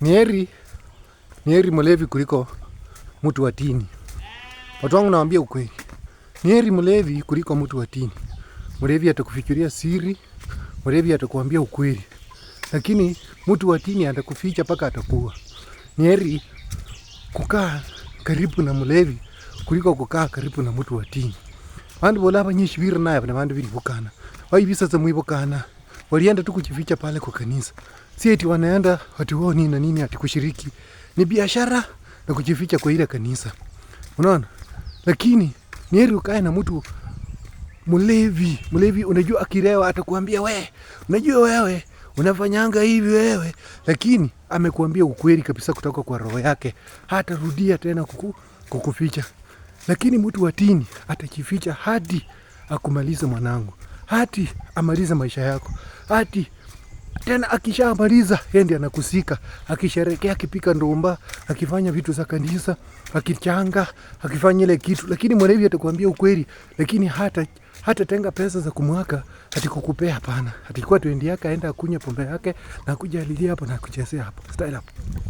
ni heri ni heri mlevi kuliko mtu wa tini. Watu wangu nawaambia ukweli, ni heri mlevi kuliko mtu wa tini. Mlevi atakufikiria siri, mlevi atakuambia ukweli, lakini mtu wa tini atakuficha mpaka atakuwa. Ni heri kukaa karibu na mlevi kuliko kukaa karibu na mtu wa tini. Vandu volava nyishivira naye vana vandu vilivukana vaivisa sa mwivukana walienda tu kujificha pale kwa kanisa, si eti wanaenda wao hatuoni na nini, ati kushiriki ni biashara na kujificha kwa ile kanisa, unaona. Lakini ni heri ukae na mtu mlevi. Mlevi unajua akirewa atakuambia we, unajua wewe unafanyanga hivi wewe, lakini amekuambia ukweli kabisa kutoka kwa roho yake, hatarudia tena kuku, kukuficha. Lakini mtu wa tini atajificha hadi akumalize mwanangu, hadi amalize maisha yako ati tena akishamaliza yeye ndiye anakusika, akisherekea, akipika ndomba, akifanya vitu za kanisa, akichanga, akifanya ile kitu. Lakini mwalevi atakwambia ukweli, lakini hata hata tenga pesa za kumwaka atikukupea hapana. atikuwa tuendi yake aenda akunywe pombe yake na kuja alilia hapo na kuchezea hapo style hapo.